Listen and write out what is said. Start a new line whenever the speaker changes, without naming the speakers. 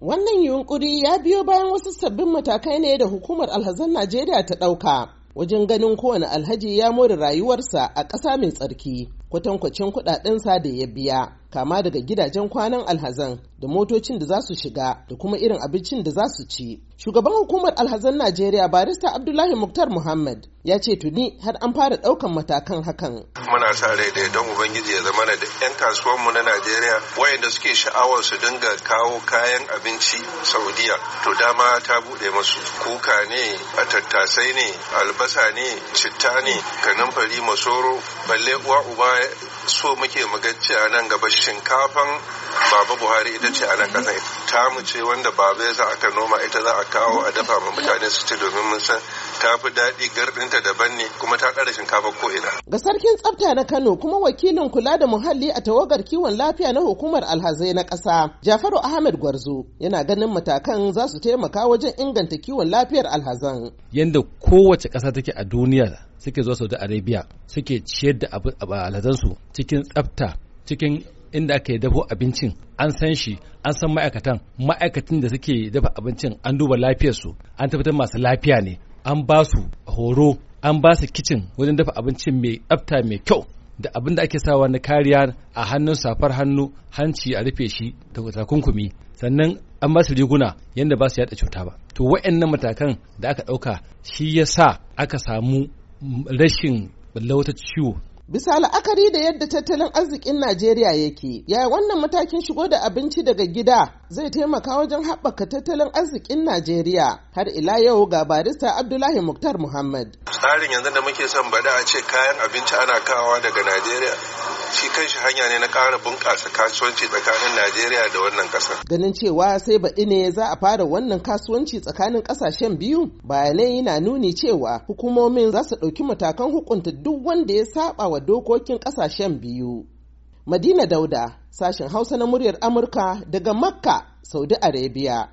Wannan yunkuri ya biyo bayan wasu sabbin matakai ne da hukumar alhazan Najeriya ta ɗauka wajen ganin kowane alhaji ya more rayuwarsa a ƙasa mai tsarki. kwatankwacin kuɗaɗensa da ya biya kama daga gidajen kwanan alhazan da motocin da za su shiga da kuma irin abincin da za su ci shugaban hukumar alhazan najeriya barista abdullahi muktar muhammad ya ce tuni har an fara ɗaukan matakan hakan
muna sa rai da don ubangiji ya zama da 'yan mu na najeriya wayanda suke sha'awar su dinga kawo kayan abinci saudiya to dama ta buɗe masu kuka ne a tattasai ne albasa ne citta ne kanumfari masoro balle uwa uba so muke magacci a nan gaba shinkafan baba buhari ita ce a nan kasa ta mu ce wanda baba ya aka noma ita za a kawo a dafa wa mutane su ci domin mun san ta fi daɗi gardinta daban ne kuma ta wanka ko ina.
Ga sarkin tsafta na Kano kuma wakilin kula da muhalli a tawagar kiwon lafiya na hukumar alhazai na ƙasa Jafaru Ahmed Gwarzo yana ganin matakan za su taimaka wajen inganta kiwon lafiyar alhazan.
Yanda kowace ƙasa take a duniya suke zuwa Saudi Arabia suke ciyar da alhazansu cikin tsafta cikin inda aka yi dafo abincin an san shi an san ma'aikatan ma'aikatan da suke dafa abincin an duba lafiyarsu an tabbatar masu lafiya ne an ba su horo an ba su kicin wajen dafa abinci mai tsafta mai kyau da abin da ake sawa na kariya a hannun safar hannu hanci a rufe shi da takunkumi sannan an ba su riguna yadda ba su yada cuta ba to wa'annan matakan da aka ɗauka shi ya sa aka samu rashin balla ciwo
Bisa la'akari da yadda tattalin arzikin Najeriya yake, yaya wannan matakin shigo da abinci daga gida zai taimaka wajen haɓaka tattalin arzikin Najeriya har ila yau ga barista Abdullahi Muktar Muhammad.
Tsarin yanzu da muke son bada a ce kayan abinci ana kawawa daga Najeriya kanshi hanya ne na ƙara bunƙasa kasuwanci tsakanin Najeriya da wannan ƙasar.
Ganin cewa sai baɗi ne za a fara wannan kasuwanci tsakanin ƙasashen biyu bayanai yana nuni cewa hukumomin za su ɗauki matakan hukunta duk wanda ya saba wa dokokin ƙasashen biyu. Madina Dauda, sashen Hausa na muryar Amurka daga Makka, Saudi Arabia.